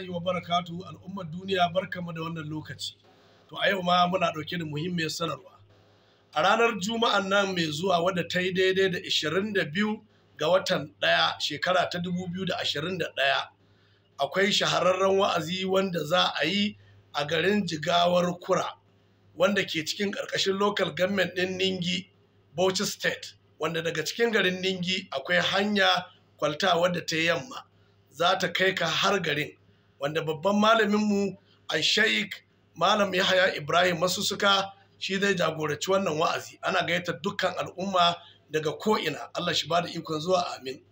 yi wa barakatu al'ummar duniya barkamu da wannan lokaci to a yau ma muna ɗauke da muhimmiyar sanarwa a ranar juma'an nan mai zuwa wadda ta yi daidai da 22 ga watan ɗaya shekara ta 2021 akwai shahararren wa'azi wanda za a yi a garin jigawar kura wanda ke cikin ƙarƙashin local government ɗin ningi bauchi state wanda daga cikin garin ningi akwai hanya kwalta wadda ta yi yamma za ta kai ka har garin wanda babban malaminmu a sheik malam yahaya ibrahim masussuka shi zai jagoranci wannan wa'azi ana gayyatar dukkan al'umma daga ko'ina allah shi ba da ikon zuwa amin